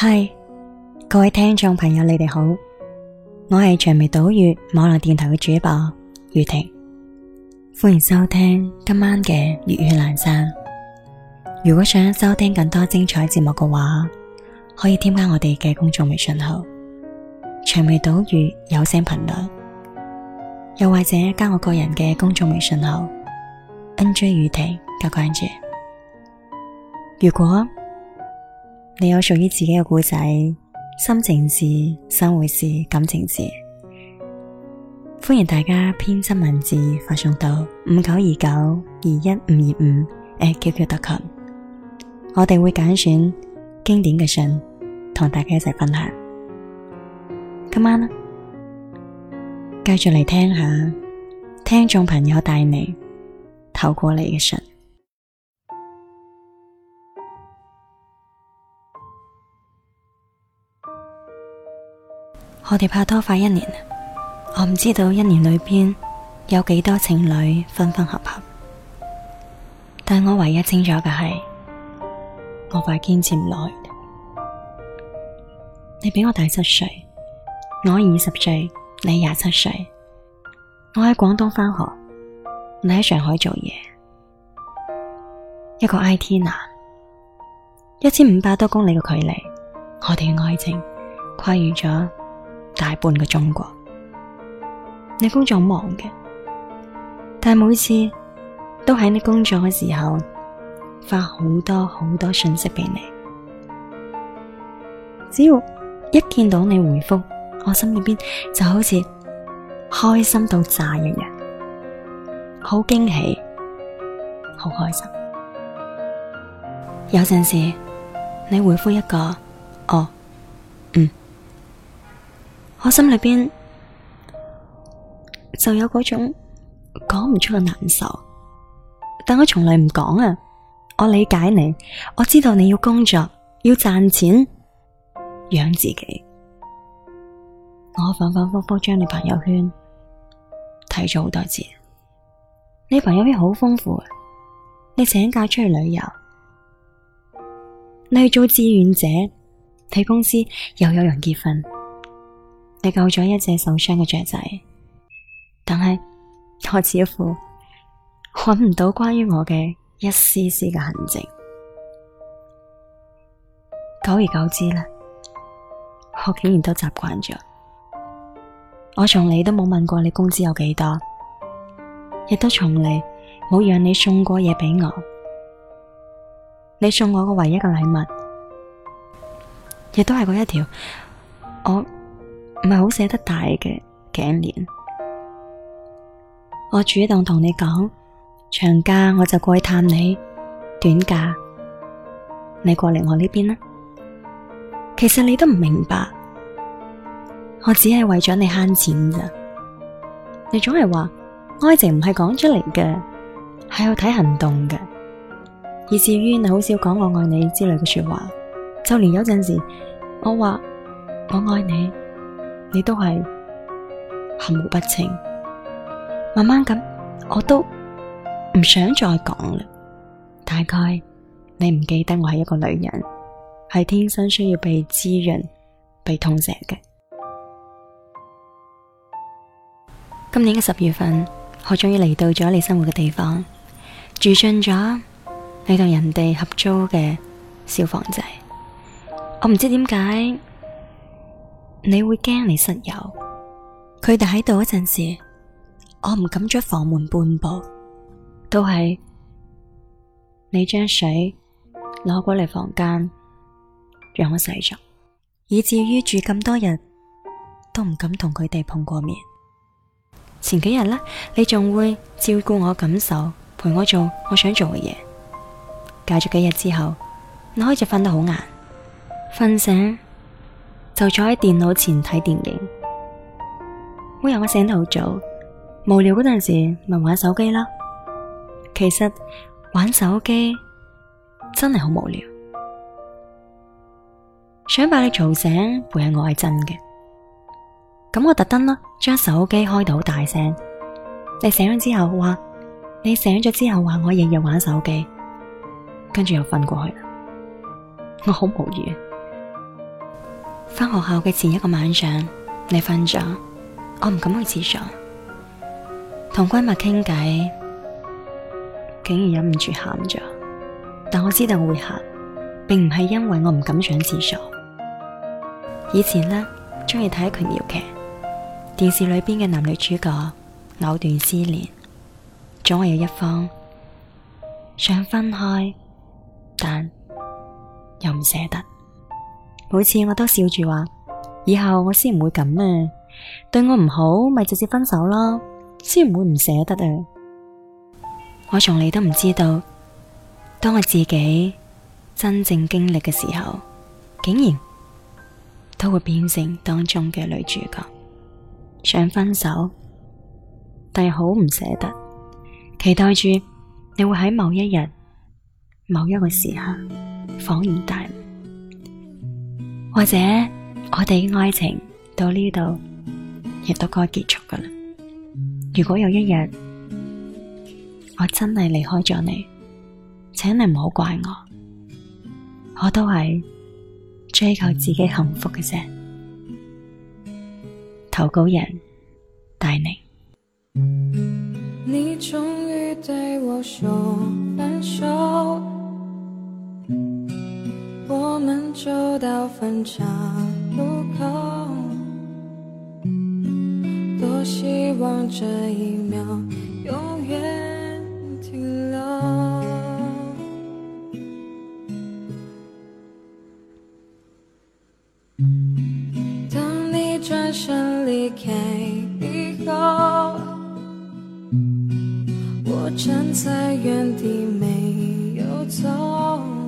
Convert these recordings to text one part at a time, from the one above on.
嗨，Hi, 各位聽眾朋友，你哋好，我係長眉倒月網絡電台嘅主播雨婷，歡迎收聽今晚嘅粵語闌珊。如果想收聽更多精彩節目嘅話，可以添加我哋嘅公眾微信號長眉倒月有聲頻率，又或者加我個人嘅公眾微信號 nj 雨婷加關注。如果你有屬於自己嘅故仔，心情事、生活事、感情事，歡迎大家編輯文字發送到五九二九二一五二五誒 QQ 特群，我哋會揀選經典嘅信同大家一齊分享。今晚呢，繼續嚟聽下，聽眾朋友帶嚟透過你嘅信。我哋拍拖快一年我唔知道一年裏邊有幾多情侶分分合合，但我唯一清楚嘅係，我快堅持唔耐。你比我大七歲，我二十歲，你廿七歲。我喺廣東返學，你喺上海做嘢，一個 IT 男，一千五百多公里嘅距離，我哋嘅愛情跨越咗。大半個中國，你工作好忙嘅，但係每次都喺你工作嘅時候發好多好多信息俾你，只要一見到你回復，我心裏邊就好似開心到炸一樣，啊，好驚喜，好開心。有陣時你回復一個哦，嗯。我心裏邊就有嗰種講唔出嘅難受，但我從來唔講啊！我理解你，我知道你要工作，要賺錢養自己。我反反復復將你朋友圈睇咗好多次，你朋友圈好豐富啊！你請假出去旅遊，你去做志願者，睇公司又有人結婚。你救咗一隻受傷嘅雀仔，但係我似乎揾唔到關於我嘅一絲絲嘅痕跡。久而久之啦，我竟然都習慣咗。我從嚟都冇問過你工資有幾多，亦都從嚟冇讓你送過嘢俾我。你送我嘅唯一嘅禮物，亦都係嗰一條，我。唔係好捨得戴嘅頸鏈，我主動同你講，長假我就過去探你，短假你過嚟，我呢邊啦。其實你都唔明白，我只係為咗你慳錢咋。你總係話愛情唔係講出嚟嘅，係要睇行動嘅，而至於你好少講我愛你之類嘅說話，就連有陣時我話我愛你。你都係含糊不清，慢慢咁，我都唔想再講啦。大概你唔記得我係一個女人，係天生需要被滋潤、被痛錫嘅。今年嘅十月份，我終於嚟到咗你生活嘅地方，住進咗你同人哋合租嘅小房仔。我唔知點解。你會驚你室友佢哋喺度嗰陣時，我唔敢出房門半步，都係你將水攞過嚟房間讓我洗咗，以至於住咁多日都唔敢同佢哋碰過面。前幾日呢，你仲會照顧我感受，陪我做我想做嘅嘢。隔咗幾日之後，你開始瞓得好晏，瞓醒就坐喺電腦前睇電影，每日我醒得好早，無聊嗰陣時咪玩手機啦。其實玩手機真係好無聊，想把你嘈醒陪下我係真嘅。咁我特登啦，將手機開到好大聲。你醒咗之後話，你醒咗之後話我日日玩手機，跟住又瞓過去，我好無語。翻學校嘅前一個晚上，你瞓咗，我唔敢去廁所，同閨蜜傾偈，竟然忍唔住喊咗。但我知道我會喊，並唔係因為我唔敢上廁所。以前呢，中意睇瓊瑤劇，電視裏邊嘅男女主角藕斷絲連，總係有一方想分開，但又唔捨得。每次我都笑住話，以後我先唔會咁啊！對我唔好，咪直接分手咯，啊，先唔會唔捨得啊！我從嚟都唔知道，當我自己真正經歷嘅時候，竟然都會變成當中嘅女主角，想分手，但係好唔捨得，期待住你會喺某一日，某一個時刻恍然大悟。或者我哋嘅愛情到呢度亦都該結束噶啦。如果有一日我真係離開咗你，請你唔好怪我，我都係追求自己幸福嘅啫。投稿人大檸。你終於對我說分手。走到分岔路口，多希望這一秒永遠停留。當你轉身離開以後，我站在原地沒有走。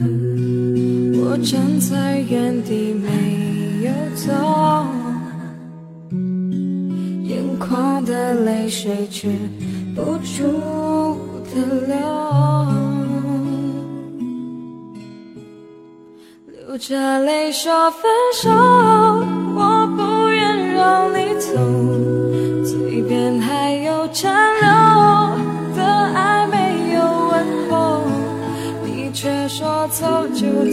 我站在原地沒有走，眼眶的淚水止不住的流，流着淚說分手，我不願讓你走，嘴邊還有着。